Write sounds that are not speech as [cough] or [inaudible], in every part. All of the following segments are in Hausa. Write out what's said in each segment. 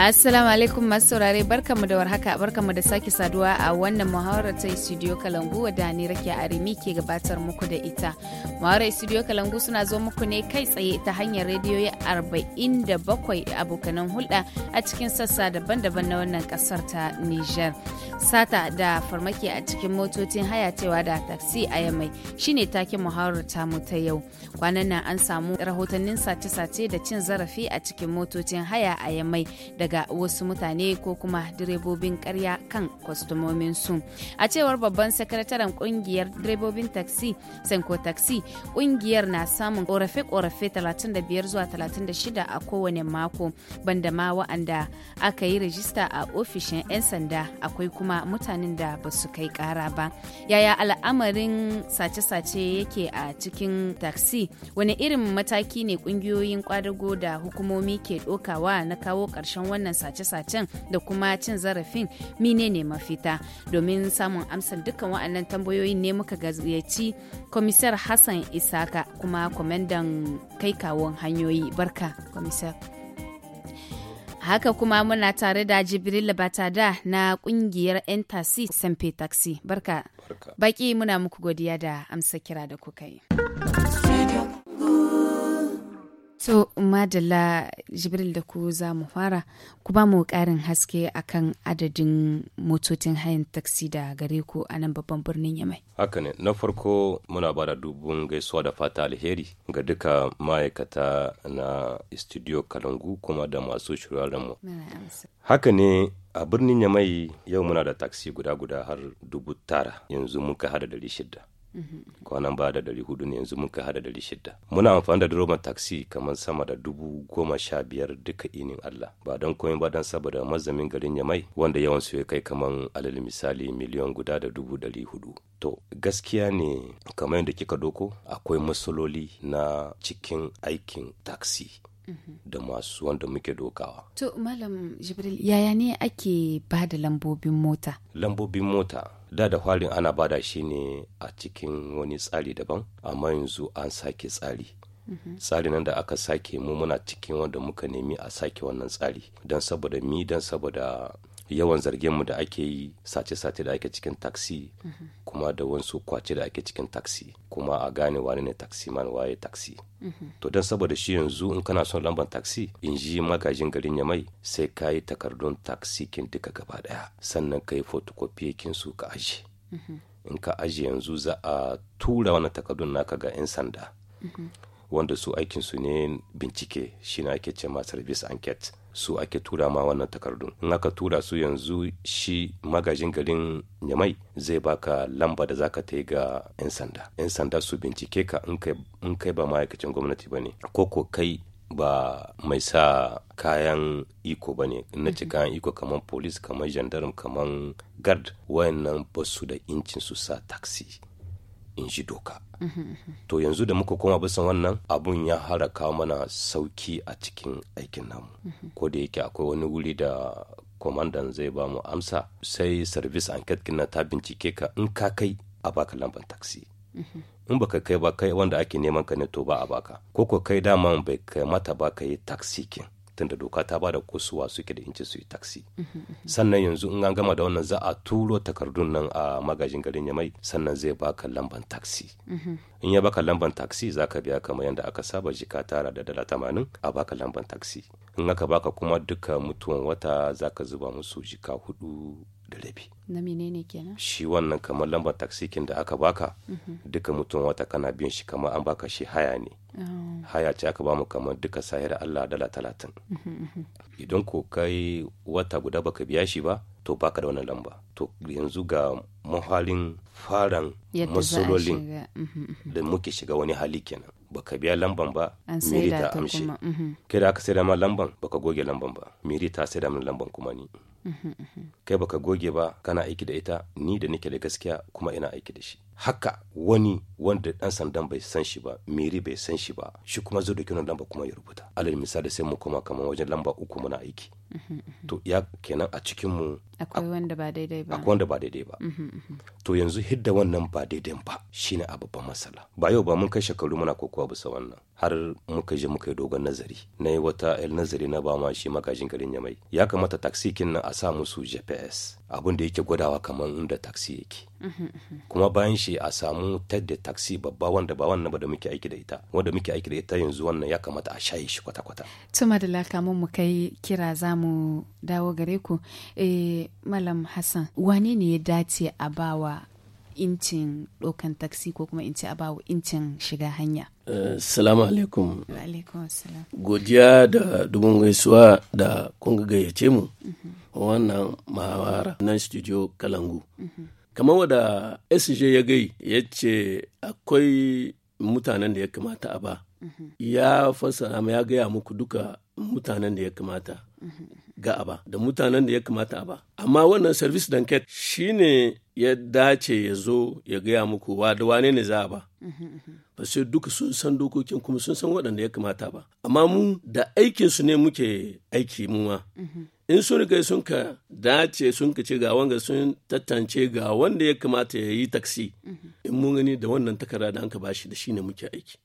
Assalamu alaikum masu saurare barkamu da warhaka barkamu da sake saduwa a wannan muhawarar ta studio Kalangu wadda ni Rakiya Arimi ke gabatar muku da ita. Muhawarar studio Kalangu suna zo muku ne kai tsaye ta hanyar rediyo arba'in da 47 abokanan hulɗa a cikin sassa daban-daban na wannan kasar ta Niger. Sata da farmaki a cikin motocin haya cewa da taksi a yamai shine takin muhawarar mu ta yau. Kwanan nan an samu rahotannin sace-sace da cin zarafi a cikin motocin haya a yamai da daga wasu mutane ko kuma direbobin karya kan kwastomominsu a cewar babban sakataren kungiyar direbobin taxi sanko taxi kungiyar na samun korafe-korafe 35 zuwa 36 a kowane mako banda ma wa'anda aka yi rajista a ofishin 'yan sanda akwai kuma mutanen da ba su kai kara ba yaya al'amarin sace-sace yake a cikin taxi wani irin mataki ne kungiyoyin kwadago da hukumomi ke ɗokawa na kawo ƙarshen wannan sace-sacen da kuma cin zarafin menene mafita domin samun amsar dukkan wa'annan tambayoyin ne muka gaziyaci komisar hassan isaka kuma kwamandan kai kawon hanyoyi barka komisar haka kuma muna tare da jibril batada na kungiyar 'yan tasi sanfe taxi barka baki muna muku godiya da amsa kira da kuka yi To Madalla Jibril da ku za mu fara ku ba mu ƙarin haske akan adadin motocin hayan taksi da gare ku a nan babban birnin Yamai. Haka ne, na farko muna bada dubun gaisuwa da fata alheri ga duka ma'aikata na studio Kalangu kuma da masu shirarren mu. Haka ne a birnin Yamai yau muna da taksi guda-guda har dubu tara yanzu muka hada dari shida. kwanan baya da ɗari hudu ne yanzu muka hada dari shida muna amfani da roman taxi kamar sama da dubu goma sha biyar duka inin allah ba don komai ba don saboda mazamin garin ya mai wanda yawan su ya kai kamar alal misali miliyan guda da dubu dari hudu to gaskiya ne kamar yadda kika doko akwai matsaloli na cikin aikin taxi da masu wanda muke dokawa. To Malam Jibril yaya ne ake ba da lambobin mota? Lambobin mota da da farin ana bada shi ne a cikin wani tsari daban amma yanzu an sake tsari mhm. tsari nan da aka sake mu muna cikin wanda muka nemi a sake wannan tsari don saboda mi don saboda yawan zargin mu da ake yi sace-sace da ake cikin taksi kuma da wasu kwace da ake cikin taksi kuma a gane wani ne taksi man waye taksi to don saboda shi yanzu in kana son lambar taksi in ji magajin garin ya mai sai ka yi takardun taksi kin duka gaba daya sannan ka yi fotokofi kin su ka aji in ka aji yanzu za a tura wani takardun naka ga 'yan sanda wanda su aikinsu ne bincike shi na ake ce ma service enquete su ake tura ma wannan takardun in aka tura su yanzu shi magajin garin nyamai zai baka lamba da zaka ta ga 'yan sanda 'yan sanda su bincike ka in kai ba ma'aikacin gwamnati ba ne ko ko kai ba mai sa kayan iko ba ne na ci mhm. kayan iko kamar polis kamar gendarme kamar guard wayannan ba su da incin su sa taxi in ji doka mm-hmm, mm-hmm. to yanzu da muka koma bisan wannan abun ya haraka mana sauki a cikin aikin namu mm-hmm. ko da yake akwai wani wuri da kwamandan zai ba mu amsa sai service enquete kina ta bincike ka in ka kai a baka lambar taxi in baka kai ba kai wanda ake neman ka ne to ba a baka ko ko kai daman bai kai mata ba ka yi taxi kin tunda doka ta bada kusuwa suke da inci su yi taksi sannan yanzu in an gama da wannan za a turo takardun nan a magajin garin ya mai sannan zai baka lamban taksi in ya baka lamban taksi za ka biya kamar yadda aka saba jika tara da dala tamanin a baka lamban taksi in aka baka kuma duka mutuwan wata za ka zuba musu jika hudu da rabi na menene kenan shi wannan kamar lambar taksikin da aka baka mhm. duka mutum wata kana biyan shi kamar an baka shi haya ne oh. haya ce aka bamu kamar duka sahira Allah dala talatin mhm, mhm. idan ko kai wata guda baka biya shi ba to baka da wannan lamba to yanzu ga mahalin faran masololin da muke shiga wani hali kenan baka biya lamban ba miri ta amshi kira aka sai da ma lamban baka goge lamban ba miri ta sai da lamban kuma ni kai baka goge ba kana aiki da ita ni da nake da gaskiya kuma ina aiki da shi haka wani wanda dan sandan bai san shi ba miri bai san shi ba shi kuma zo da kiran lamba kuma ya rubuta alal misali sai mu koma kamar wajen lamba uku muna aiki mm-hmm. to ya kenan a cikin mu akwai wanda ba daidai ba akwai wanda ba daidai ba mm-hmm, mm-hmm. to yanzu hidda wannan ba daidai ba shine a babban masala ba yau ba mun kai shekaru muna kokowa bisa wannan har muka je muka yi dogon nazari na yi wata nazari na ba ma shi magajin garin yamai ya kamata taxi kin nan a sa musu gps abin da yake gwadawa kamar inda taxi yake kuma bayan shi a samu ted da taksi babba wanda ba wannan ba da muke aiki da ita wanda muke aiki da ita yanzu wannan ya kamata a shaye shi kwata-kwata tuma da lakamun mu kai kira za mu dawo gare ku eh, malam hassan wane ne ya dace a bawa incin ɗaukan taksi ko kuma in ce a incin shiga hanya Uh, salamu alaikum. alaikum salam. Godiya da dubun gaisuwa da kun gayyace mu mhm. wannan mahawara nan studio Kalangu. Mhm. Kamar wada SJ ya gai ya ce akwai mutanen da ya kamata a ba. Mhm. Ya fassara ya gaya muku duka mutanen da ya kamata. ga a ba da mutanen da ya kamata a ba amma wannan service shi ne ya dace ya zo ya gaya muku wa da wane ne za a ba ba sai duka sun san dokokin kuma sun san waɗanda ya kamata ba amma mu da aikin su ne muke aiki mu ma in sun riga sun ka dace sun ka ce ga wanga sun tantance ga wanda ya kamata ya yi taksi in mun gani da wannan takarda da an ka bashi da shi ne muke aiki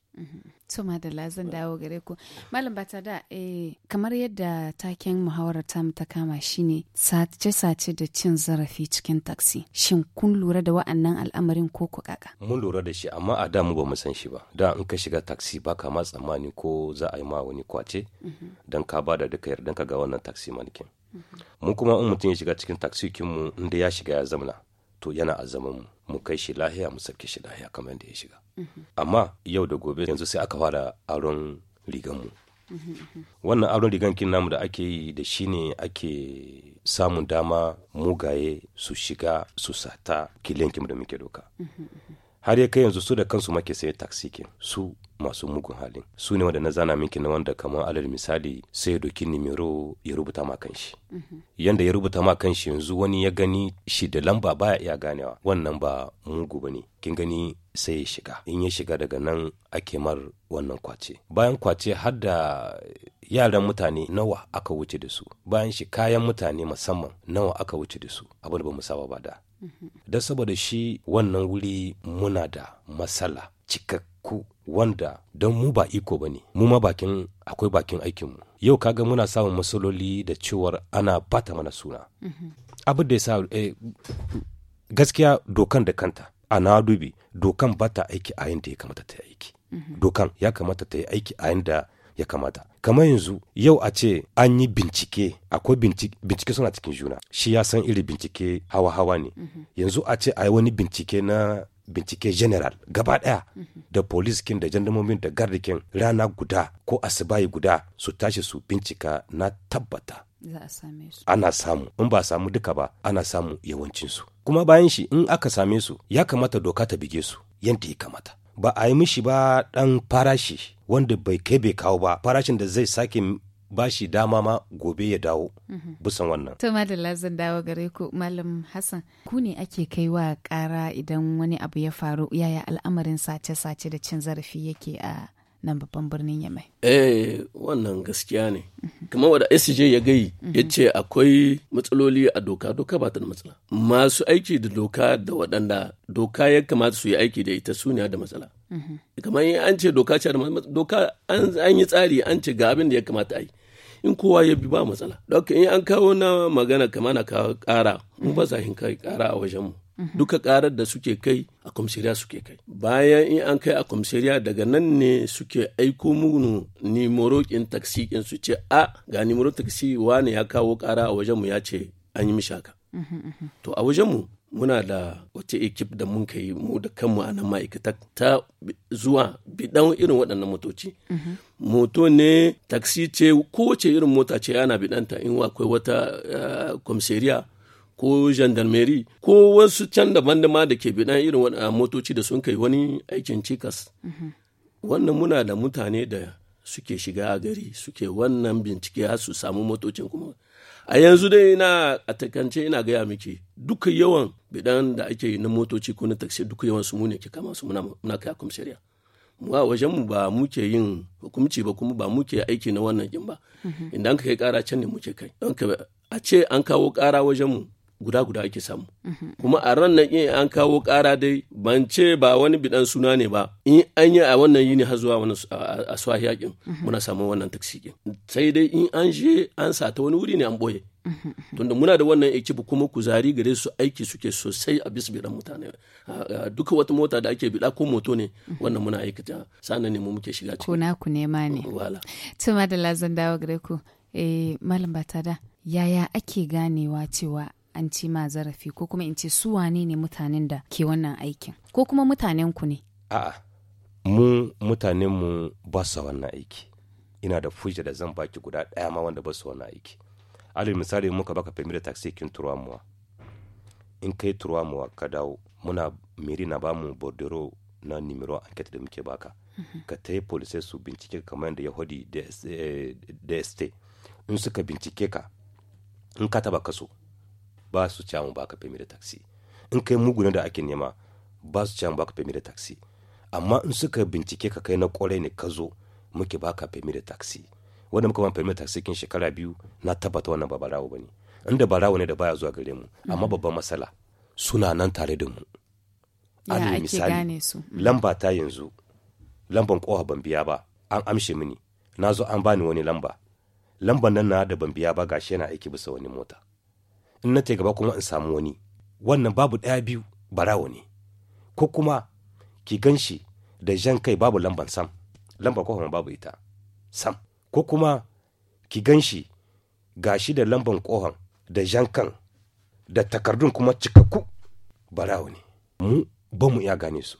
To madalla zan dawo gare ku. Malam bata da eh kamar yadda taken muhawarar tamu ta kama shine sace-sace da cin zarafi cikin taksi. Shin kun lura da wa'annan al'amarin ko ku kaka? Mun lura da shi amma a da mu ba mu san shi ba. Da in ka shiga taksi ba ka ma tsammani ko za a yi ma wani kwace mhm. dan ka ba da duka yardan ka ga wannan taksi malikin mhm. Mu kuma in mutum ya shiga cikin taksi mu inda ya shiga ya zamna. to yana a zaman mu kai shi lahiya mu sake shi lahiya kamar yadda ya shiga amma yau da gobe yanzu sai aka fara aron rigan mu wannan aron rigan kin namu da ake yi da shi ne ake samun dama mugaye su shiga su sata kilinkin da muke doka har ya kai yanzu su da kansu make sai taksi kin su masu mugun halin su ne wanda na zana miki na wanda kamar alal misali sai ya doki nimero ya rubuta ma kan shi yanda ya rubuta ma kanshi yanzu wani ya gani shi da lamba baya iya ganewa wannan ba mugu bane kin gani sai ya shiga in ya shiga daga nan ake mar wannan kwace bayan kwace har da yaran mutane nawa aka wuce da su bayan shi kayan mutane musamman nawa aka wuce da su abin ba mu saba ba da mhm. da saboda shi wannan wuri muna da matsala cikak ku wanda don mu ba iko ba ne mu ma bakin akwai bakin aikinmu yau kaga muna samun matsaloli da cewar ana bata mana suna mm-hmm. abin da ya sa eh, gaskiya dokan da kanta a na dubi dokan bata aiki a yadda ya kamata ta yi aiki mm-hmm. dokan ya kamata ta yi aiki a yadda ya kamata kamar yanzu yau a ce an yi bincike akwai bincike, suna cikin juna shi ya san iri bincike hawa-hawa ne mm-hmm. yanzu a ce a yi wani bincike na bincike general gaba daya da poliskin da jandamomin da gardikin rana guda ko asibayi guda su tashi su bincika na tabbata ana samu in ba samu duka ba ana samu yawancinsu kuma bayan shi in aka same su ya kamata doka ta bige su yanta ya kamata ba a yi mishi ba dan farashi wanda bai kai bai kawo ba farashin da zai sake ba shi dama ma gobe ya dawo mhm. busan wannan. To madalla zan dawo gare ku Malam Hassan. Ku ne ake wa kara idan wani abu ya faru yaya al'amarin sace-sace da cin zarafi yake a nan babban birnin Yamai. Eh wannan gaskiya ne. Mhm. Kamar wanda SJ ya gai ya mhm. ce akwai matsaloli a doka doka ba ta da matsala. Masu aiki da doka da waɗanda doka ya kamata su yi aiki da ita su da matsala. Kamar an ce doka ce da doka an yi tsari an ce ga abin da ya kamata a yi. in kowa ya bi ba matsala dauka in an kawo na magana kama na kawo kara. mu ba sa hin kai kara a wajenmu mhm. duka karar da suke kai a kwamsiriya suke kai bayan in an kai a kwamsiriya daga nan ne suke aiko munu nimorokin taksi in su ce a ga nimoro taksi wani ya kawo kara a wajenmu ya ce an yi mishaka mhm, mhm. to a wajen mu. muna da wata ekip da mun kai mu da kanmu a nan ma'aikata ta zuwa bidan irin waɗannan motoci moto ne taksi ce kowace irin mota ce ana bidanta in akwai wata eh, komisariya ko gendarmerie ko wasu can daban da ma da ke bidan irin waɗannan eh, motoci da sun kai wani aikin cikas wannan muna da mutane da suke shiga a gari suke wannan bincike har su samu motocin kuma a yanzu dai na a takance ina gaya miki duka yawan bidan da ake yi na motoci ko na taksi duka yawan su mu ke kama su muna kai kai komisariya mu a wajen mu ba muke yin hukumci ba kuma ba muke aiki na wannan yin ba mhm. inda an kai kara can ne muke kai don a ce an kawo kara wajen mu guda guda ake samu mhm. kuma a ran nan in an kawo ƙara dai ban ce ba wani bidan suna ne ba in an yi a wannan yini har zuwa wani a swahi yakin mhm. muna samun wannan taksi sai dai in an je an ta wani wuri ne an boye mhm, tunda muna da wannan ekibu kuma kuzari gare su aiki suke sosai a bisa bidan mutane duka wata mota da ake bida ko moto ne wannan muna aikata sannan ne mu muke shiga ciki ko ku nema ne wala tuma da lazan dawo gare ku eh malam batada yaya ake ganewa cewa an ci ma zarafi ko kuma in ce su wane ne mutanen da ke wannan aikin ko kuma mutanen ku ne a'a mu mutanen mu ba su wannan aiki ina da fuja da zan baki guda daya ma wanda ba su wannan aiki alal misali muka baka permit da taxi kin muwa in kai muwa ka dawo muna miri na bamu bordero na nimero enquête da muke baka mhm. ka ta yi polisai su bincike kamar yadda yahudi dst eh, in suka bincike ka in ka taba kaso ba su camu ba ka da taxi in kai muguna da ake nema ba su camu ba ka da taxi amma in suka bincike ka kai na kore ne ka zo muke ba ka da taxi wanda muka ba femi da taxi kin shekara biyu na tabbata wannan ba barawo bane inda barawo ne da baya zuwa gare mu mhm. amma babban matsala suna nan tare da mu alal misali mhm. lamba ta yanzu lamban koha ban biya ba an amshe mini na zo an bani wani lamba lamban nan na da ban biya ba gashi yana aiki bisa wani mota in na ta gaba kuma in samu wani wannan babu ɗaya biyu barawo ne ko kuma ki gan shi da jan kai babu lamban sam lambar kofa babu ita sam ko kuma ki gan shi ga shi da lamban kohon da jan kan da takardun kuma cikakku barawo ne mu ba mu iya gane su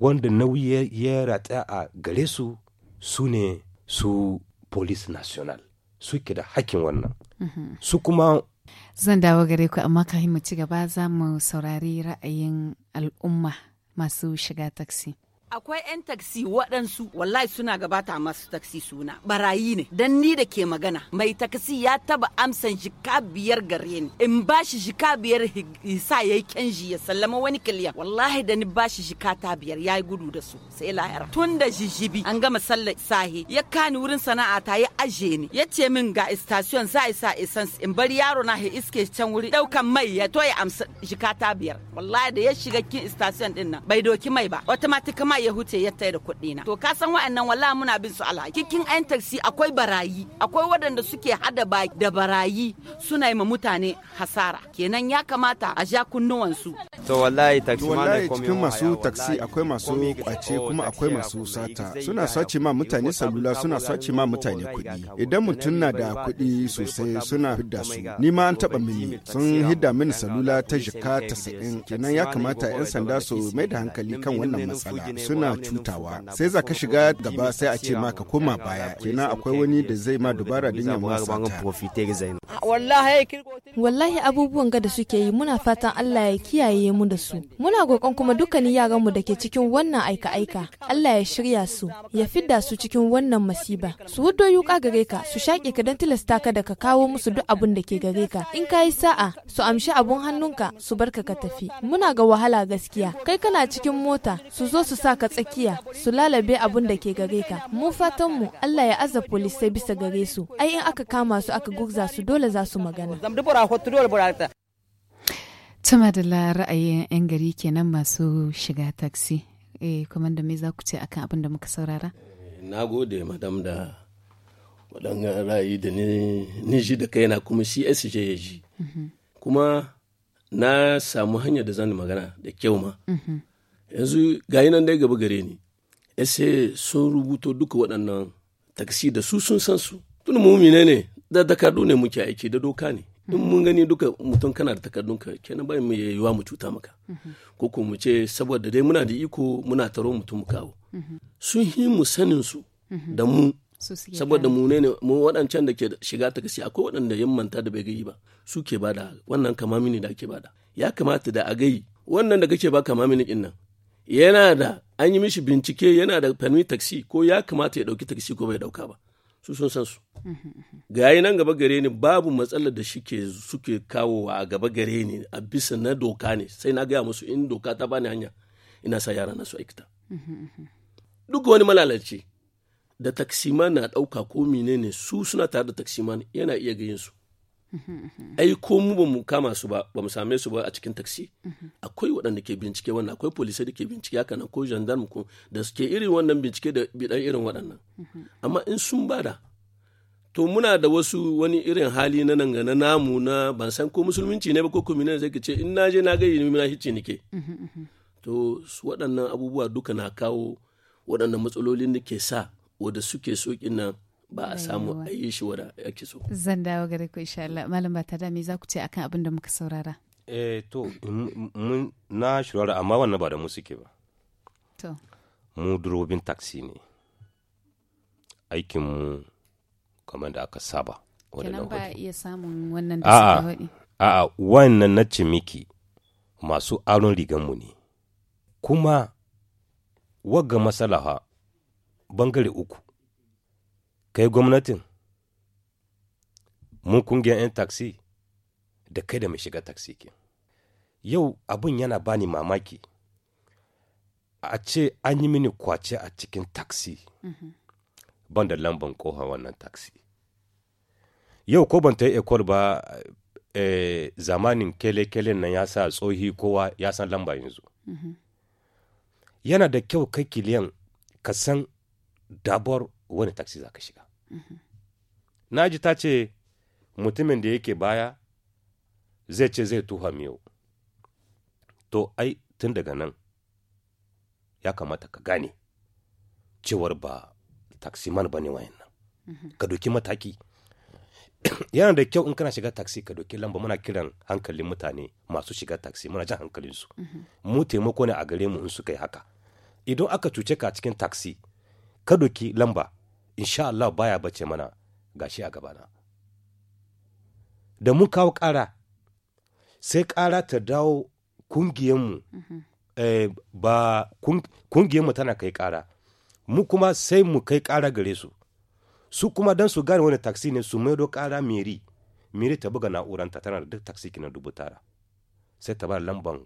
wanda nauyi ya rata a gare su su ne su police national suke da hakkin wannan mhm. su kuma Zan dawo gare ku amma kafin mu ci gaba za mu saurari ra'ayin al'umma masu shiga taksi. akwai 'yan taksi waɗansu wallahi suna gabata masu taksi suna barayi ne dan ni da ke magana mai taksi ya taba amsan jika biyar gare ni in ba shi jika biyar isa ya yi kyanji ya sallama wani kiliyan wallahi da ni ba shi jika ta biyar ya yi gudu da su sai lahira tun da jijibi an gama sallar sahi ya kani wurin sana'a ta ya aje ni ya ce min ga istasiyon za a isa essence in bari yaro na ya iske can wuri ɗaukan mai ya to ya amsa jika ta biyar wallahi da ya shiga kin istasiyon ɗin nan bai doki mai ba automatic ya huce ya tayar da kuɗi na to ka san wa'annan wallahi muna bin su alhaki kikin ayin taksi akwai barayi akwai waɗanda suke hada baki da barayi suna yi ma mutane hasara kenan ya kamata a ja kunnuwan su to wallahi taksi wallahi cikin masu taksi akwai masu kwace kuma akwai masu sata suna sace ma mutane salula suna sace ma mutane kuɗi idan mutum na da kuɗi sosai suna hidda su ni ma an taɓa mini sun hidda mini salula ta jika tasa'in kenan ya kamata 'yan sanda su mai da hankali kan wannan matsala suna cutawa sai za ka shiga gaba sai a ce ma ka koma baya kenan akwai wani da zai ma dubara din ya masa wallahi abubuwan ga da suke yi muna fatan Allah ya kiyaye mu da su muna gokon kuma dukkanin yaran mu ke cikin wannan aika-aika Allah ya shirya su ya fidda su cikin wannan masiba su hudo yuka gare ka su shaƙe ka dan tilasta ka da ka kawo musu duk abin da ke gare ka in ka yi sa'a su amshi abun hannunka su barka ka tafi muna ga wahala gaskiya kai kana cikin mota su zo su sa ka tsakiya su lalabe abun da ke gare ka mu fatan mu Allah ya aza polisai bisa gare su ai in aka kama su aka gurza su dole za su magana tuma da ra'ayin 'yan gari kenan masu shiga taksi eh kuma da me za ku ce akan abin da muka saurara eh, na gode madam da waɗannan ra'ayi da ni ji da kai na kuma csj ya ji mhm. kuma na samu hanyar da zan magana da kyau ma mhm. yanzu gayi nan dai gaba gare ni ese sun rubuto duka waɗannan taksi da su sun san su tun mine ne da takardu ne muke aiki da doka ne in mun gani duka mutum kana da ka kenan bai mu yiwa mu cuta maka ko ko mu ce saboda dai muna da iko muna taro mutum kawo sun yi mu sanin su da mu saboda mu ne mu waɗancan da ke shiga takasi akwai waɗanda yan manta da bai gayi ba su ke bada wannan kamamini da ake bada ya kamata da a gayi wannan da kake ba kamamini din nan yana da an yi mishi bincike yana da permit taxi ko ya kamata ya dauki taxi ko bai dauka ba su sun san su yi nan gaba gare ni babu matsalar da shike suke kawo a gaba gare ni a bisa na doka ne sai na gaya musu in doka ta bani hanya ina sa yara na su aikata duk wani malalaci da taksima na dauka ko menene su suna tare da man yana iya gayin su ai ko mu ba mu kama su ba ba mu same su ba a cikin taksi akwai waɗanda ke bincike wannan akwai polisai da ke bincike haka nan ko gendarme ko da suke irin wannan bincike da bidan irin waɗannan amma in sun bada to muna da wasu wani irin hali na nan ga na namu na ban san ko musulunci ne ba ko kumina zai ce in na je na ga yi na hicci nike to waɗannan abubuwa duka na kawo waɗannan matsalolin da ke sa wanda suke sokin nan ba a samu a yi shi wada ake so. Zan dawo gare ku insha Allah. Malam ba tada me za ku ce akan abin da muka saurara? Eh to mun na shirara amma wannan ba da mu suke ba. To. Mu durobin taksi ne. Aikin mu kamar da aka saba. Kenan ba iya samun wannan da suka hudi. A'a wannan na cimiki masu aron riganmu ne. Kuma wagga masalaha bangare uku. kai gwamnatin mun kungiyar 'yan taksi da kai da mai shiga taksi ke yau abin yana bani mamaki a ce an yi mini kwace a cikin taksi mhm. ban da lamban koha wannan taksi yau ko ban ta yi ekol ba e, zamanin kele-kele nan ya sa tsohi kowa ya san lamba yanzu mhm. yana da kyau kai kiliyan ka san dabar wani taxi za ka shiga mhm. naji ta ce mutumin da yake baya zai ce zai tuha miyau to ai tun daga nan ya kamata ka gane cewar ba taksiman ba ne wayan nan mhm. ka doki mataki [coughs] yana da kyau in kana shiga taksi ka doki lamba muna kiran hankalin mutane masu shiga taksi muna jan hankalinsu mhm. mu taimako ne a gare mu in suka yi haka idan aka cuce ka cikin taksi ka doki lamba insha Allah baya bace mana gashi a gabana da mun kawo ƙara sai ƙara ta dawo kungiyanmu mhm. eh, ba kungiyanmu tana kai ƙara mu kuma sai mu kai ƙara gare su su kuma don su gane wani taksi ne su maido ƙara meri meri ta buga na'uranta tana da duk taksi kina dubu tara sai ta ba lamban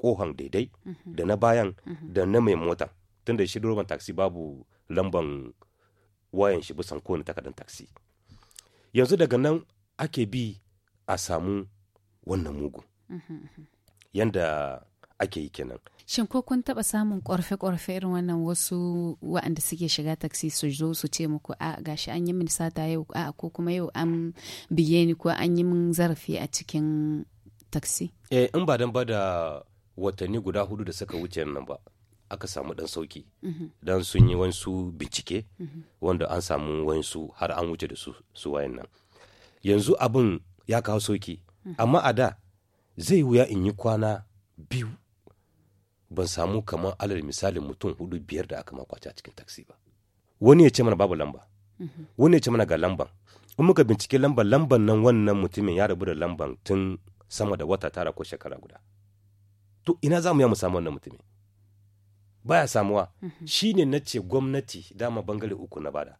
kohon daidai mhm. da na bayan mhm. da na mai motan da shi direban taxi babu lamban wayan shi bisan kowane takardar taxi yanzu daga nan ake bi a samu wannan mugu yanda ake yi kenan shin ko kun taba samun ƙorfe-ƙorfe irin wannan wasu waɗanda suke shiga taksi su zo su ce muku a gashi an yi min sata yau a ko kuma yau an biye ni ko an yi min zarafi a cikin taksi eh in ba dan ba da watanni guda hudu da suka wuce nan ba aka samu dan sauki mhm. dan sun yi wasu bincike mhm. wanda an samu wasu har an wuce da su wayan nan yanzu abin ya kawo sauki mhm. amma a da zai wuya in yi kwana biyu ban samu kamar alal misalin mutum hudu biyar da aka makwace a cikin taksi ba wani ya ce mana babu lamba wani ya ce mana ga lamban in muka bincike lamban lamban nan wannan mutumin ya rabu da lamban tun sama da wata tara ko shekara guda to ina za mu ya mu samu wannan mutumin baya samuwa mhm. shine na ce gwamnati dama bangare uku na bada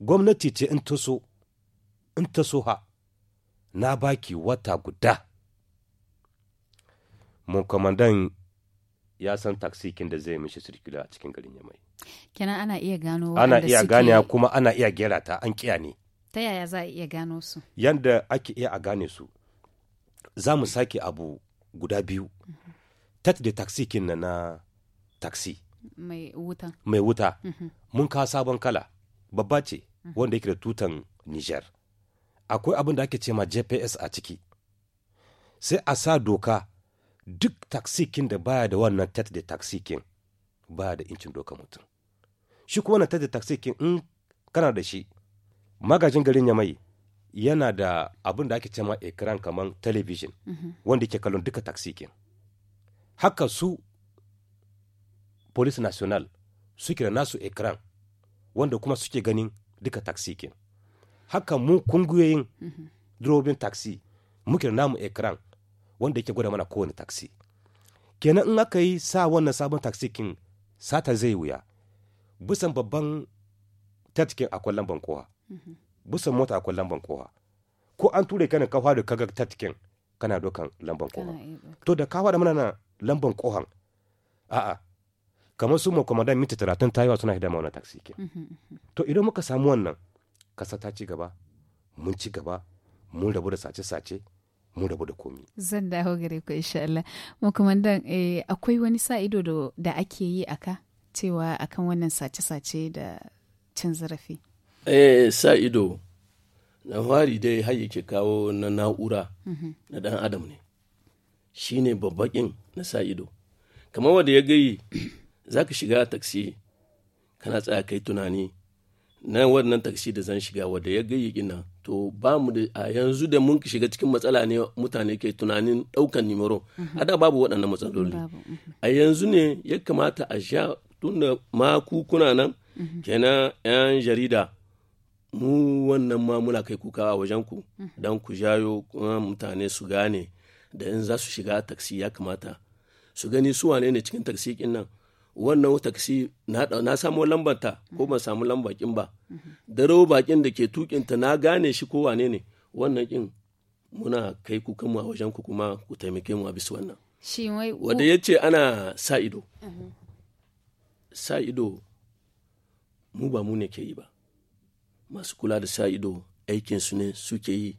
gwamnati ce in ta so in ta so ha na baki wata guda mun kwamandan ya san kin da zai mishi sirkula a cikin garin yamai kenan ana iya gano ana iya gane kuma ana iya gera ta an kiya ne ta yaya za a iya gano su yanda ake iya a gane su za mu sake abu guda biyu mhm. tat da taksi kin na taxi mai wuta mai wuta mhm. mun kawo sabon kala babba ce wanda yake da tutan niger akwai abin da ake ce ma gps a ciki sai a sa doka duk kin da baya da wannan tet da kin baya da incin doka mutum shi kuma wannan tet da kin in kana da shi magajin garin ya mai yana da abin da ake ce ma ekran kamar talabijin mhm. wanda ke kallon duka kin. haka su police national suke da nasu ekran wanda kuma suke ganin duka taxi kin haka mu kungiyoyin mhm. durobin taxi muke da namu ekran wanda yake gwada mana kowane taxi kenan in aka yi sa wannan sabon taxi kin sata zai wuya bisan babban tatkin akwai lamban kowa mhm. bisan mota akwai lamban kowa ko an ture kanin kafa da kaga tatkin kana dokan lamban kowa to da kafa da mana lamban kohan a'a kamar su makwamadan minti talatin ta yi wa suna hidda ma wannan taxi ke mm-hmm, mm-hmm. to idan muka samu wannan kasa ta ci gaba mun ci gaba mun rabu da sace-sace mun rabu da komi. Zan dawo gare ku insha Allah. Makamandan eh, akwai wani sa ido da ake yi aka cewa akan wannan sace-sace da cin zarafi. Eh sa ido na fari dai har yake kawo na na'ura mm-hmm. na dan adam ne. shine babbakin na sa ido. Kamar wanda ya gayi za ka shiga taksi kana tsaya kai tunani na wannan taksi da zan shiga wadda ya gayyi nan to ba mu da a yanzu da mun shiga cikin matsala ne mutane ke tunanin ɗaukan nimero mhm. a da babu waɗannan matsaloli mhm. a yanzu ne ya kamata a sha tun da makukuna nan mhm. kenan 'yan jarida mu wannan ma muna kai kuka a wajen ku don ku jayo mutane su gane da in za su shiga taksi ya kamata su gani su wane ne cikin taksi nan wannan taksi na samu lambar ko ban samu lambar kin ba dare bakin da ke tukinta na gane shi ko wane ne wannan kin muna kai ku kanmu a wajen ku kuma ku taimake mu a bisa wannan wanda ya ce ana sa ido sa ido mu ba mu ne ke yi ba masu kula da sa ido aikin su ne suke yi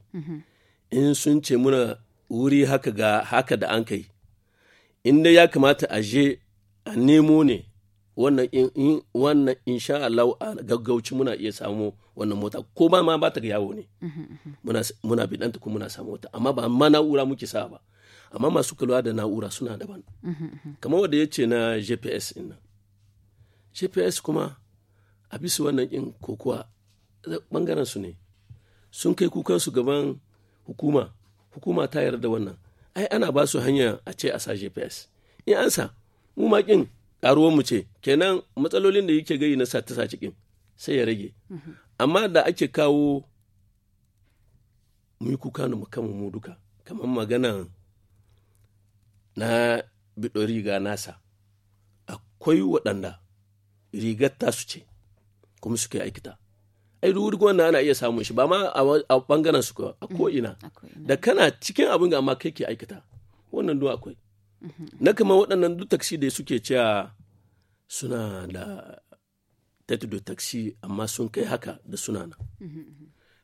in sun ce muna wuri haka ga haka da an kai inda ya kamata a je nemo ne wannan in wannan insha Allah a gaggauci muna iya samu wannan mota ko ba ma ba ta yawo ne muna muna bidanta kuma muna samu wata amma ba ma na'ura muke sa ba amma masu kula da na'ura suna daban kamar wanda yace na GPS din nan GPS kuma a bisa wannan in kokuwa bangaren su ne sun kai kukan su gaban hukuma hukuma ta yarda wannan ai ana ba su hanya a ce a sa GPS in an sa mu ma kin karuwan mu ce kenan matsalolin da yake gayi na sata sace kin sai ya rage amma da ake kawo mu yi kuka mu kama mu duka kamar magana na biɗo riga nasa akwai waɗanda rigar tasu ce kuma suka yi aikita ai duk wannan ana iya samun shi ba ma a bangaren su mm-hmm. ko ina da kana cikin abin ga amma kai ke aikata wannan duk akwai na kama waɗannan duk taksi da suke cewa suna da tattu da taksi amma sun kai haka da suna nan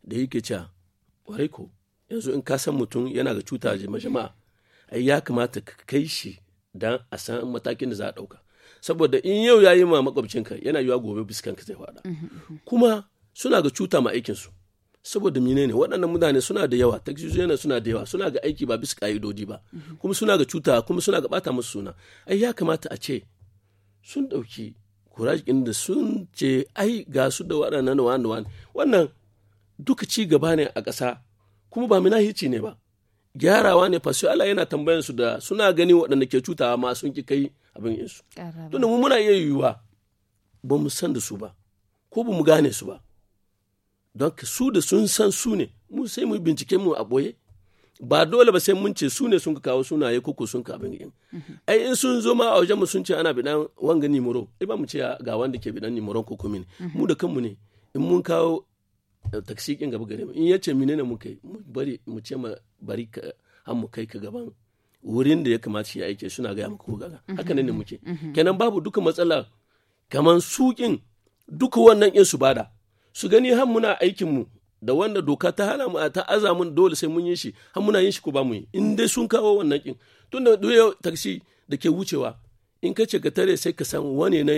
da yake cewa ƙwarai ko yanzu in ka san mutum yana ga cuta jama'a ai ya kamata ka kai shi dan a san matakin da za a ɗauka saboda in yau ya yi ma makwabcinka yana yiwa gobe biskan ka zai faɗa kuma suna ga cuta ma aikinsu saboda mine ne waɗannan mutane suna da yawa taxi suna da yawa suna ga aiki ba bisa ka'idodi ba mhm. kuma suna ga cuta kuma suna ga bata musu suna ai ya kamata a ce sun ɗauki kuraji da sun ce ai ga su da waɗannan wani wani wannan duka ci gaba ne a ƙasa kuma ba hici ne ba gyarawa ne fa Allah yana tambayan su da suna gani waɗanda ke cutawa ma sun ki kai abin insu tunda mu muna iya yiwuwa ba mu san da su ba ko ba mu gane su ba don su da sun san su ne mu sai mu bincike mu a boye ba dole ba sai mun ce su ne sun ka kawo sunaye ko sun ka abin ai in sun zo ma a wajen mu sun ce ana bidan wanga nimuro ai ba mu ce ga wanda ke bidan ko kuma ne mhm. mu da kanmu ne in mun kawo eh, taksi kin gaba gare mu in yace menene mu kai mu bari mu ce ma bari ka har mu kai ka gaban wurin da ya kamata shi aike suna ga muku gaga mhm. haka ne muke mhm. kenan babu duka matsala kaman sukin duka wannan in su bada su gani har muna aikinmu da wanda doka ta hana mu ta aza dole sai mun yi shi har muna yin shi ko ba mu yi in dai sun kawo wannan kin tun da doya taksi da ke wucewa in ka ce ka tare sai ka san wane ne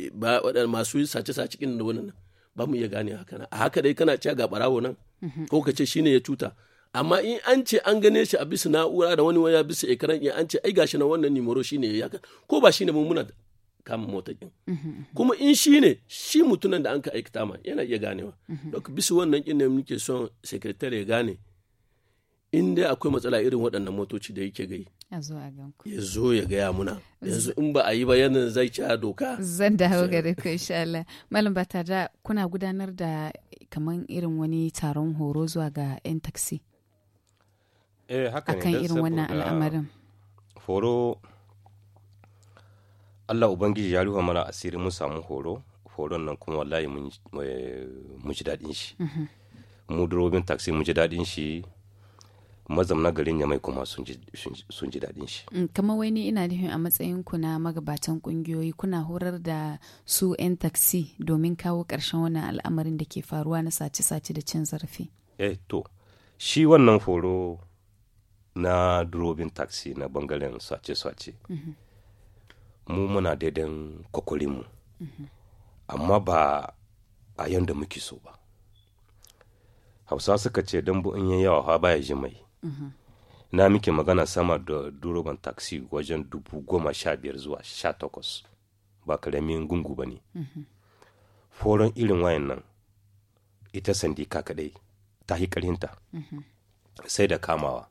eh, ba wadan masu sace sace kin da wannan ba mu iya gane haka na a haka dai kana cewa ga barawo nan mhm. ko ka ce shine ya cuta amma in an ce an gane shi a bisa na'ura da wani waya bisa ekran in an ce ai gashi na wannan nimero shine ya yaka ko ba shine mun muna kama mota kin mhm, mhm. kuma in shi ne shi mutunan da an ka aikata ma yana iya ganewa mhm. don bisa wannan kin ne muke son sekretare ya gane in dai akwai matsala irin waɗannan motoci da yake gai ya zo ya gaya muna yanzu in ba a yi ba yana zai ci doka zan da hau gare ku insha Allah malam ba da kuna gudanar da kamar irin wani taron horo zuwa ga yan taksi eh haka ne akan irin wannan al'amarin horo Allah Ubangiji ya ruwa mana asiri mun samu horo horon nan kuma wallahi mun ji eh, daɗin shi mhm. mu durobin taxi mun ji daɗin shi mazamna garin ya mai kuma sun ji daɗin shi. Mm, kamar wai ni ina nufin a matsayin ku na magabatan kungiyoyi kuna horar da su 'yan taksi domin kawo ƙarshen wannan al'amarin da ke faruwa na sace-sace da cin zarafi. eh to shi wannan horo na durobin taxi na bangaren sace-sace. Mhm. mu muna daidan kwakwarinmu amma ba a yadda muke so ba hausa suka ce don in yi yawa ha baya ji mai na muke magana sama da duroban taxi wajen dubu goma sha biyar zuwa sha takwas ba karamin gungu ba ne foron irin wayan nan ita sandika kadai ta yi karinta sai da kamawa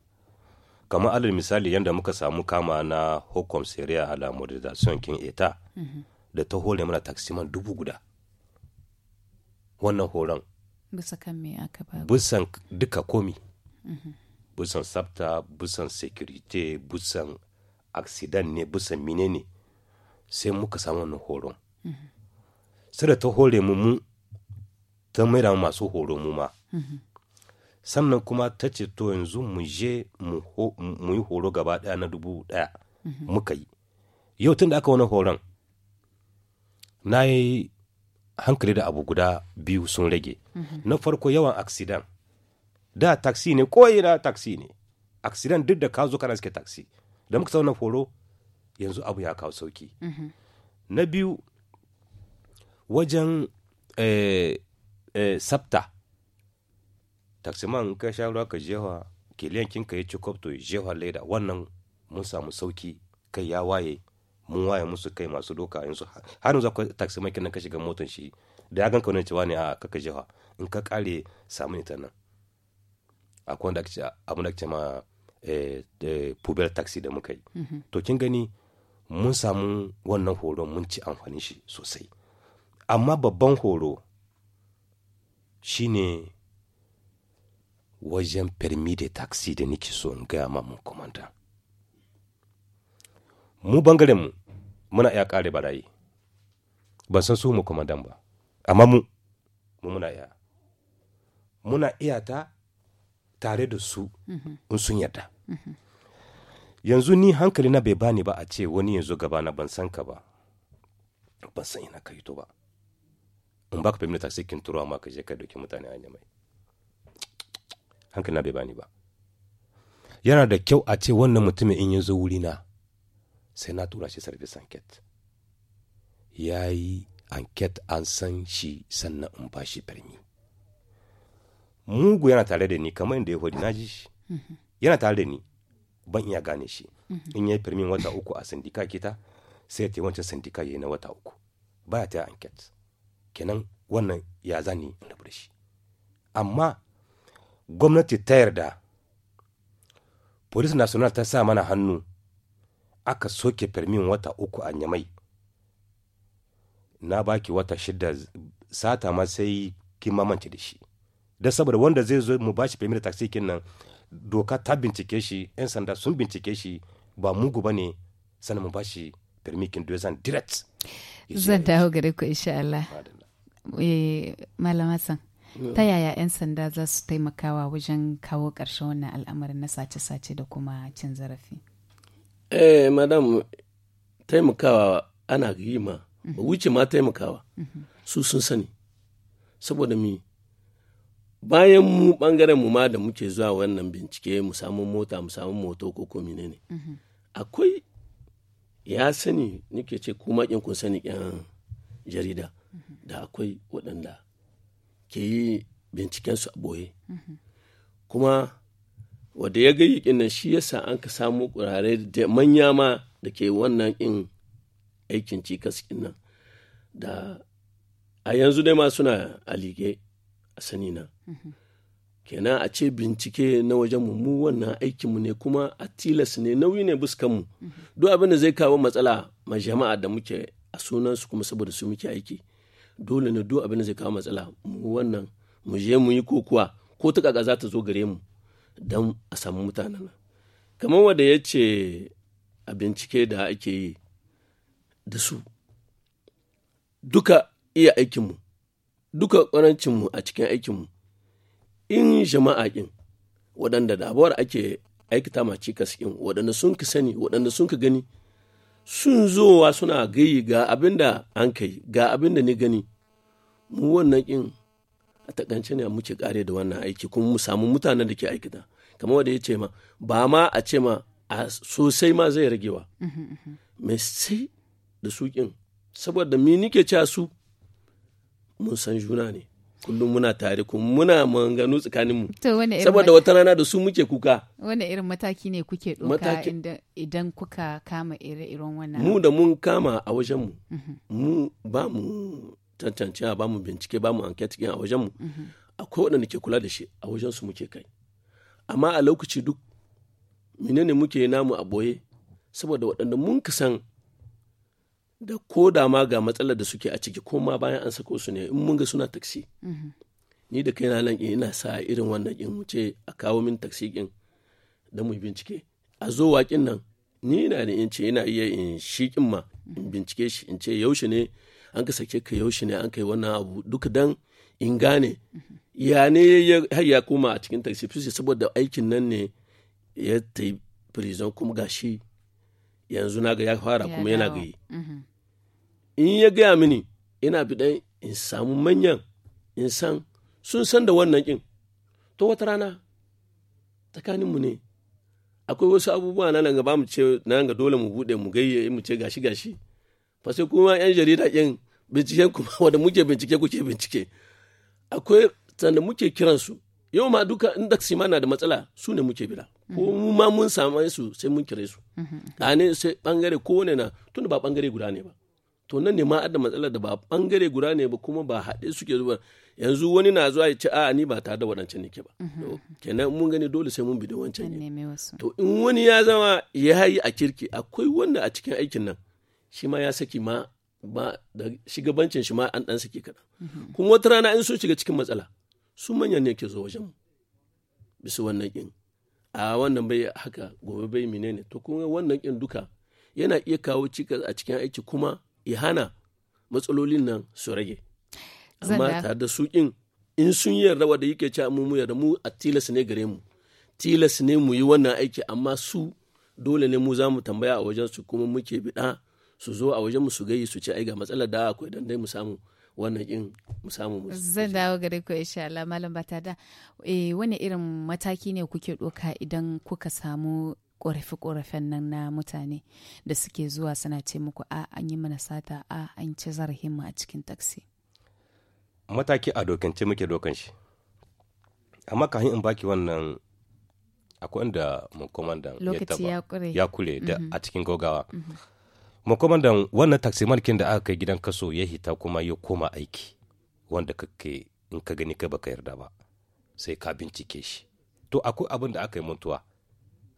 kamar alal misali yadda muka samu kama na hukum syria a la modernization kin eta mhm. da ta hore mana taksiman dubu guda wannan horon busan duka komi mhm. busan sabta busan security bisan accident ne busan mine ne sai muka samu wannan horon mhm. sai da ta hore mu mu ta maida masu horo mu ma sannan kuma ta ce to yanzu mu je mu yi horo gaba daya na dubu daya. Mhm. muka yi yau tun da aka wani horon na yi hankali da abu guda biyu sun rage mhm. na farko yawan aksidan da taksi ne ko na taksi ne aksidan duk da ka zo kana suke taksi da muka sauna horo yanzu abu ya kawo sauki mhm. na biyu wajen eh, eh, sabta taksiman ka sha ruwa ka jewa kiliyan ka ya ci kwabto jewa leda wannan mun samu sauki kai ya waye mun waye musu kai masu doka yanzu har yanzu akwai taximan kinan ka shiga motar shi da ya gan ka cewa ne a kaka jewa in ka kare samu ita nan akwai wanda ake abin da ake ma eh, eh, pubel taxi da muka yi mm-hmm. to kin gani mun samu wannan horon mun ci amfani shi sosai amma babban horo shine wajen permi da taxi da nake so in gaya ma mun komanda mu bangaren mu muna iya kare barayi ban san su mu komandan ba amma mu mu muna iya muna iya ta tare da su mhm. in sun yarda mhm. yanzu ni hankali na bai bani ba a ce wani yanzu gaba na ban san ka ba ban san ina ka to ba in ka permi da taxi kin turawa ma ka je ka doki mutane a mai hankali bai bani ba yana da kyau a ce wannan mutumin in ya zo wurina sai na tura shi service anket ya yi anket an san shi sannan in ba shi birni mugu yana tare da ni kamar inda ya hodi na ji shi yana tare da ni ban iya gane shi in ya yi firmin wata uku a sindika kita sai ya wancan sindika ya yi na wata uku baya ta yi anket kenan wannan ya zani in da shi amma gwamnati ta yarda police national ta sa mana hannu aka soke firmin wata uku a nyamai na baki wata shida sata ma sai kin mamance da shi da saboda wanda zai zo mu bashi firmin taxi kin nan doka ta bincike shi yan sanda sun bincike shi ba mugu bane sannan mu bashi firmin kin direct zan dawo gare ku insha Allah eh, malama san ta yaya 'yan sanda za su taimakawa wajen kawo ƙarshen wannan al'amarin na sace-sace da kuma cin zarafi eh madam taimakawa ana yi ma ba mhm. wuce ma taimakawa mhm. su sun sani saboda mi bayan mu bangaren mu ma da muke zuwa wannan bincike mu samu mota mu samu moto ko komi ne mhm. akwai ya sani nike ce kuma kin kun sani yan jarida da akwai waɗanda ke yi bincikensu a ɓoye kuma wadda ya gayi nan shi yasa an ka samu kurare da manya ma da ke wannan in aikin cikas nan da a yanzu dai ma suna alige a sani na kenan a ce bincike na wajen mu wannan aikinmu ne kuma a tilas ne nauyi ne buskanmu duk abin da zai kawo matsala ma jama'a da muke a sunansu kuma saboda su muke aiki dole ne duk abin da zai kawo matsala mu wannan mu je mu yi kokuwa ko ta kaka za ta zo gare mu don a samu mutanen kamar wanda ya ce a bincike da ake yi da su duka iya aikinmu duka ƙwarancinmu a cikin aikinmu in jama'a ƙin waɗanda da ake aikata ma cikas ƙin waɗanda sun ka sani waɗanda sun ka gani sun zowa suna gayi ga abin da an kai ga abin da ni gani mu wannan kin a takance ne muke kare da wannan aiki kuma mu samu mutanen da ke aikata kamar wanda ya ce ma ba ma a ce ma a sosai ma zai ragewa mai uhm, uhm, uhm. sai da su kin saboda me nike cewa su mun san juna ne kullum muna tare kuma muna maganganu tsakaninmu saboda wata rana da su muke kuka wani irin mataki ne kuke ɗauka idan kuka kama ire-iren wannan mu da mun kama a wajenmu mhm. mu ba mu tantancewa ba mu bincike ba mu enquete a wajenmu mhm. akwai waɗanda ke kula da shi a wajen su muke kai amma a lokaci duk menene muke namu a boye saboda waɗanda mun ka san da ko da ma ga matsalar da suke a ciki ko ma bayan an sako su ne in mun ga suna taksi mm-hmm. ni da kaina nan eh, ina sa irin wannan in wuce a kawo min taksi din da mu bincike a zo waƙin nan ni na da in ce ina iya in shi kin ma in bincike shi in ce yaushe ne an ka sake ka yaushe ne an kai wannan abu duka dan in gane mm-hmm. ya ne har ya koma a cikin taksi saboda aikin nan ne ya ta yi prison kuma gashi yanzu na ga ya fara kuma yana gayi mm-hmm. in ya gaya mini ina biɗan in samu manyan in san sun san da wannan ƙin to wata rana tsakaninmu ne akwai wasu abubuwa na nan gaba mu ce nan ga dole mu buɗe mu gayye mu ce gashi gashi fa sai kuma yan jarida ƙin binciken kuma [laughs] wanda muke bincike kuke bincike akwai sanda muke kiransu yau ma duka in su ma na da matsala su ne muke bira ko mm-hmm. mu ma mun samu su sai mun kire su mm-hmm. ne sai bangare kowane na tun ba bangare guda ne ba to nan ne ma da matsalar da ba bangare guda ne ba kuma ba haɗe suke zuwa yanzu wani na zuwa ya ce a ni ba tare da waɗancan nake ba mhm. kenan mun gani dole sai mun bi da wancan ne to in wani ya zama ya yi a kirki akwai wanda a cikin aikin nan shi ma ya saki ma ba da shugabancin shi ma an dan saki kaɗan mhm. kuma wata rana in sun shiga cikin matsala su manyan ne ke zo wajen mu bisa wannan kin a wannan bai haka gobe bai menene to kuma wannan kin duka yana iya kawo cikas a cikin aiki kuma ya hana matsalolin nan su rage amma tare da su in sun yarda wadda yake ci mu mu yarda mu a tilas ne gare mu tilas ne mu yi wannan aiki amma su dole ne mu za mu tambaya a wajen su kuma muke biɗa su zo a wajen mu su gayi su ce ai ga matsalar da akwai dan dai mu samu wannan in mu samu mu zan dawo gare ku insha Allah malam bata da eh wani irin mataki ne kuke doka idan kuka samu ƙorafe-ƙorafen nan na mutane da suke zuwa suna ce muku a an yi mana sata a an ci zarafin mu a cikin taksi mataki a dokance muke dokan shi amma ka in baki wannan akwai inda makomandan ya kure da mm-hmm. a cikin gogawa makomandan mm-hmm. wannan taksi kin da aka kai gidan kaso ya hita kuma ya koma aiki wanda kake in ka gani kai baka yarda ba sai ka bincike shi to akwai abin da aka yi mutuwa.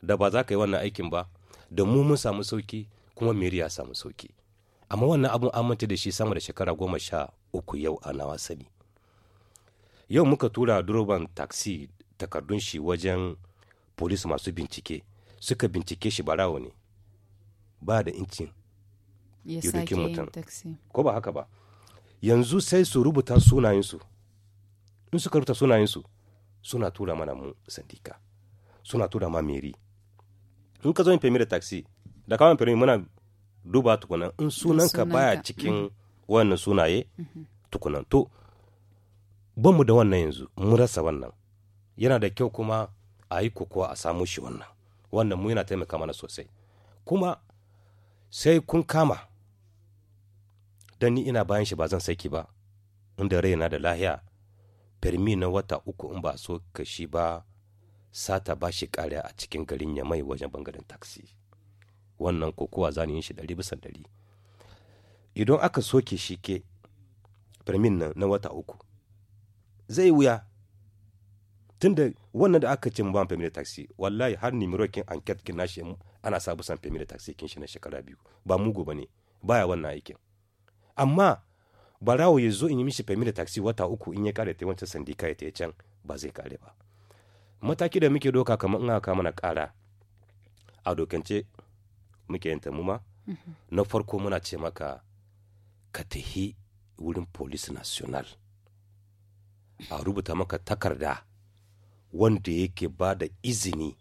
da ba za ka yi wannan aikin ba da mu mun samu sauki kuma meri ya samu sauki amma wannan abun amince da shi sama da shekara goma sha uku yau a nawa sani yau muka tura durban taxi takardun shi wajen polis masu bincike suka bincike shi barawo ne ba da incin yudukin mutum ko ba haka ba yanzu sai su rubuta sunayensu in suka rubuta sunayensu suna tura mana mu sandika suna tura ma meri in ka zo in femi da taxi da kawai femi muna duba tukunan in ka baya cikin mm-hmm. wannan sunaye mm-hmm. tukunan to ban mu da wannan yanzu mu rasa wannan yana da kyau kuma a yi kokowa a samu shi wannan wannan mu yana taimaka mana sosai kuma sai kun kama don ni ina bayan shi ba zan saki ba inda raina da lahiya firmi na wata uku in ba so ka shi ba sata ba shi kariya a cikin garin ya mai wajen bangaren taksi wannan kokowa za yin shi ɗari bisa ɗari idan aka soke shi ke firmin na, na wata uku zai wuya tunda wannan da aka ce mu ba firmin da taksi wallahi har nimirokin anket kin nashi ana sa busan firmin da taksi kin shi na shekara biyu ba mugu ba ne baya wannan aikin amma barawo ya zo in yi mishi firmin da taksi wata uku in ya kare ta wancan sandika ya ta can ba zai kare ba mataki da muke doka kamar in aka mana kara a dokance muke yin muma mhm. na farko muna ce maka ka tahi wurin police national a rubuta maka takarda wanda yake ba da izini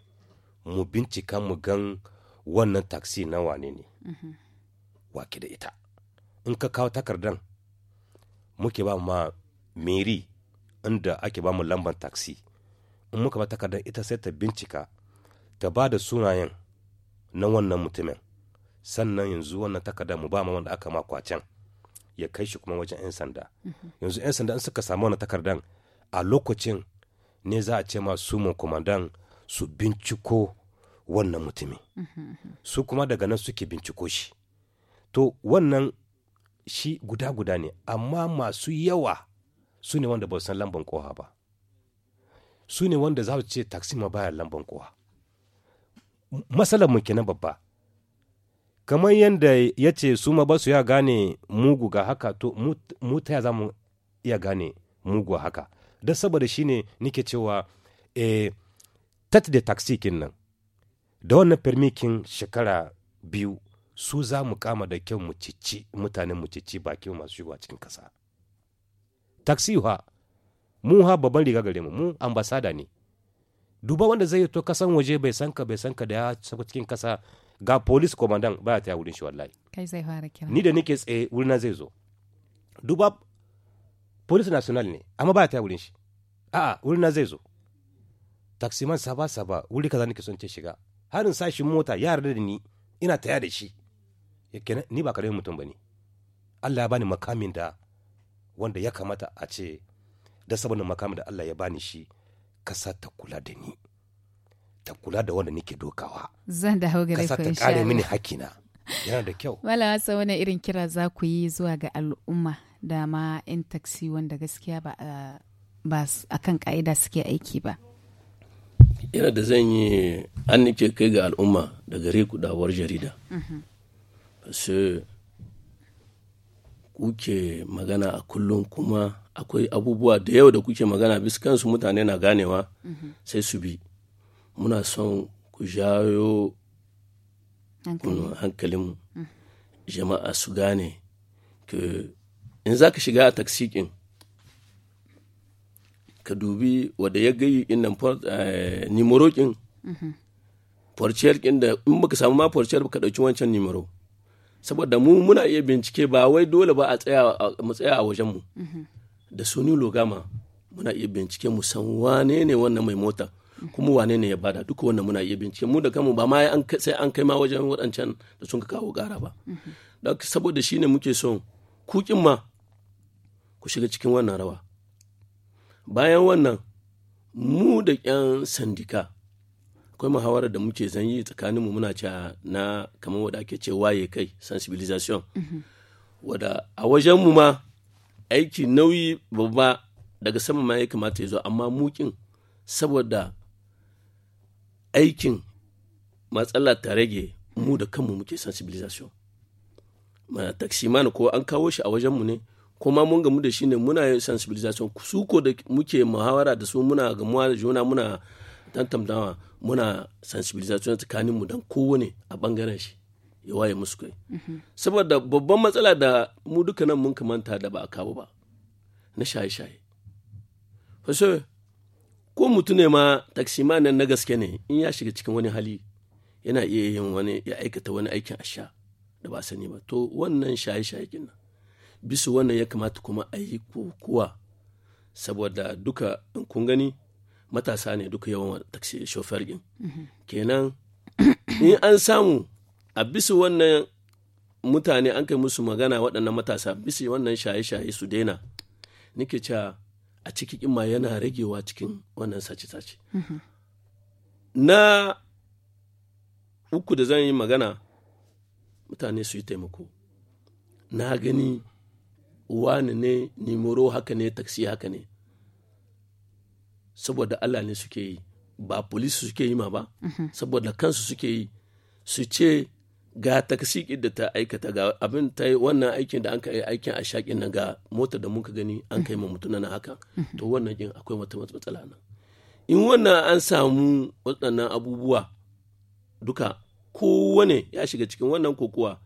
mu bincika mu gan wannan taxi na wane ne mhm. wake da ita in ka kawo takardan muke ba ma meri inda ake ba mu lambar taksi in muka ba takardar ita sai ta bincika ta ba da sunayen na wannan mutumin sannan yanzu wannan takardar mu ba ma wanda aka ma kwacen ya kai shi kuma wajen 'yan sanda mm-hmm. yanzu 'yan sanda in suka samu wannan takardar a lokacin ne za a ce ma su mu kumandan su binciko wannan mutumin mm-hmm. su kuma daga nan suke binciko shi to wannan shi guda-guda ne amma masu yawa su ne wanda ba san lamban koha ba su ne wanda za su ce taxi ma baya lamban kowa matsalar mu na babba kamar yadda ya ce su ma ba su ya gane mugu ga haka to mu ta ya mu iya gane mugu haka don saboda shine nike cewa e, tat da taxi kin nan da wannan permikin shekara biyu su za mu kama da kyau mu cici mutanen mu cici bakin masu shigowa cikin ƙasa taxi ha mu ha babban riga gare mu mu ambasada ne duba wanda zai to kasan waje bai san ka bai san ka da ya saba cikin kasa ga police commandant ba ta wurin shi wallahi kai zai fara kira ni da nake tsaye wurin zai zo duba police national ne amma ba ta wurin shi a'a wurin zai zo taksiman saba saba wuri kaza nake son ce shiga harin sashin mota yaran da ni ina taya da shi ni ba karamin mutum bane Allah ya bani makamin da wanda ya kamata a ce da saboda makamin da Allah ya bani shi kasa ta kula da ni ta kula da wanda nake dokawa zan da hau gare ku ta kare mini hakina yana da kyau wala wasa wani irin kira za ku yi zuwa ga al'umma da ma in taxi wanda gaskiya ba ba akan ka'ida suke aiki ba yana da zan yi an nike kai ga al'umma da gare ku dawar jarida mm-hmm. su kuke magana a kullum kuma akwai abubuwa da yau da kuke magana bisa kansu mutane na ganewa sai su bi muna son ku jayo hankalin jama'a su gane in za ka shiga a taksikin ka dubi wadda ya gayi innan eh, nimorokin farciyar kin da in baka samu ma farciyar ka dauki wancan nimoro saboda mu muna iya bincike ba wai dole ba a tsaya a wajen mu da soni logama muna iya bincike mu san wane ne wannan mai mota kuma wane ne ya bada duka wannan muna iya bincike mu da kanmu ba ma sai an kai ma wajen waɗancan da sun kawo gara ba da saboda shine muke son kukin ma ku shiga cikin wannan rawa bayan wannan mu da yan sandika akwai muhawarar da muke zanyi mu muna cewa na kamar wadda ake ce waye kai sensibilisation mhm. wada a wajen mu ma aiki nauyi babba daga sama ma ya kamata ya zo amma mukin saboda aikin matsala ta rage mu da kanmu muke sensibilisation mana taksi mana ko an kawo shi a wajenmu ne kuma mun gamu da shi ne muna yin sensibilisation su ko da muke muhawara da su muna gamuwa da juna muna tantamdawa muna sensibilisation tsakaninmu don kowane a bangaren shi ya waye musu kai saboda babban matsala da mu duka nan mun kamanta da ba a kawo ba na shaye-shaye faso ko mutu ne ma ma nan na gaske ne in ya shiga cikin wani hali yana iya yin wani ya aikata wani aikin a sha da ba sani ba to wannan shaye-shaye kenan bisu wannan ya kamata kuma a yi kokuwa saboda duka in kun gani matasa ne duka yawan taksi shofer kenan in an samu a bisa wannan mutane an kai musu magana waɗannan matasa bisa wannan shaye-shaye su daina nake cewa a ciki ima yana ragewa cikin wannan sace-sace na uku da zan yi magana mutane su yi taimako na gani wani ne nimoro haka ne taksi haka ne saboda allah ne suke yi ba polisi suke yi ma ba saboda kansu suke yi su ce ga taksikin da ta aikata ga abin ta yi wannan aikin da an kai aikin a shakin nan ga mota da muka gani an kai ma mutum na haka to wannan yin akwai wata matsala nan in wannan an samu waɗannan abubuwa duka kowane ya shiga cikin wannan kokowa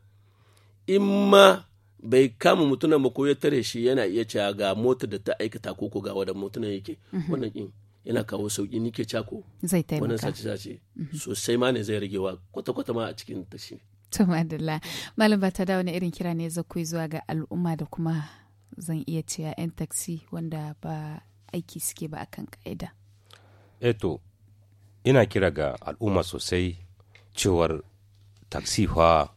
in ma bai kama mutunan ba ko ya tare shi yana iya cewa ga mota da ta aikata ko ga wadda mutunan yake mhm. wannan kin yana kawo sauki nike cako zai taimaka wannan sace sace mhm. sosai ma ne zai ragewa kwata kwata ma a cikin tashi To madalla. Malam ba ta da wani irin kira ne zaku zuwa ga al'umma da kuma zan iya cewa 'yan taxi wanda ba aiki suke ba akan ka'ida. Eto, eh ina kira ga al'umma sosai cewar taxi fa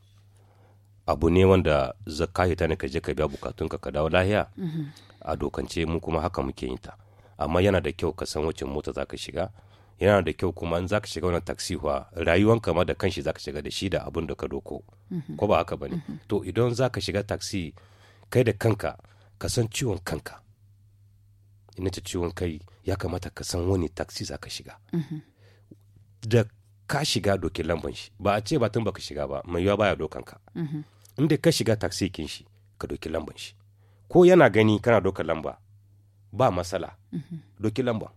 abu ne wanda zakka ta ne ka je ka biya bukatunka ka dawo lahiya mhm. a dokance mu kuma haka muke yin ta amma yana da kyau ka san wacce mota za ka shiga yana da kyau kuma in zaka shiga wani taxi fa rayuwan kama da kanshi zaka shiga da shi da abun da ka doko mhm. ko ba haka ba ne mhm. to idan ka shiga taxi kai da kanka ka san ciwon kanka ina ta ciwon kai ya kamata ka san wani taxi za ka shiga mhm. da ka shiga doki lamban shi ba a ce ba tun baka shiga ba mai yawa baya dokan ka inda ka shiga taxi kin shi ka doki lamban shi ko yana gani kana dokan lamba ba masala doki lamba.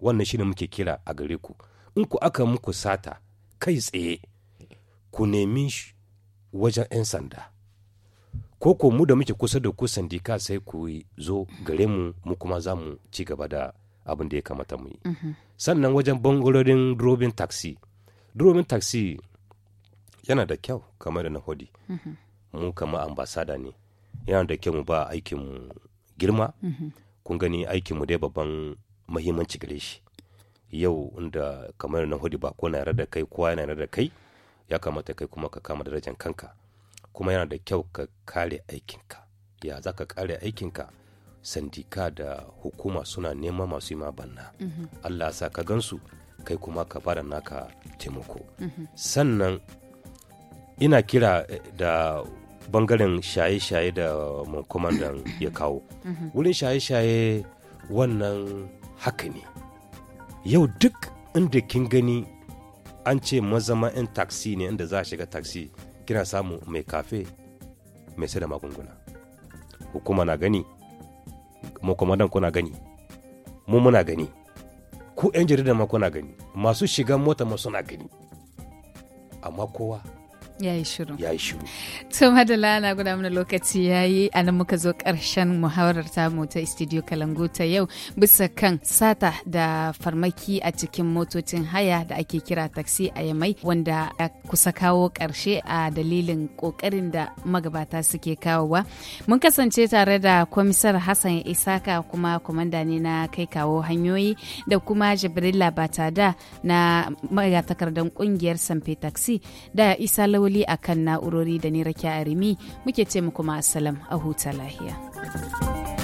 wannan shine muke kira a gare ku in ku aka muku sata kai tsaye ku nemi wajen 'yan sanda ko ko mu da muke kusa da ku sandika sai ku zo gare mu mu kuma za mu ci gaba da abin da ya kamata mu yi mhm. sannan wajen bangarorin drobin taxi drobin taxi yana da kyau kamar da na hodi mhm. mu kama ambasada ne yana da kyau mu ba aikin girma mhm. kun gani aikin mu dai babban muhimmanci gare shi yau inda kamar na hudu ba ko na da kai kowa yana da kai ya kamata kai kuma ka kama darajar kanka kuma yana da kyau ka kare aikinka ya za ka kare aikinka sandika da hukuma suna neman masu yi banna mhm. allah sa ka gansu kai kuma ka fara naka taimako mhm. sannan ina kira eh, da bangaren shaye-shaye da kwamandan ya kawo mhm. wurin shaye-shaye wannan haka ne yau duk inda kin gani an ce mazama 'yan taksi ne inda za a shiga taksi kina samu mai kafe mai sai da magunguna hukuma na gani makwamadan kuna gani mu muna gani ku 'yan jarida ma kuna gani masu shiga mota ma suna gani amma kowa ya yi shiru ya yi shiru to madala na guda mana lokaci ya yi a nan muka zo karshen muhawarar tamu ta studio kalangu ta yau bisa kan sata da farmaki a cikin motocin haya da ake kira taksi a yamai wanda ya kusa kawo karshe a dalilin kokarin da magabata suke kawowa mun kasance tare da kwamisar hassan isaka kuma kwamanda ne na kai kawo hanyoyi da kuma jibrila batada na magatakardan ƙungiyar sanfe taksi da isa lawa a akan na'urori da ni rakiya arimi muke ce muku ma a huta lahiya.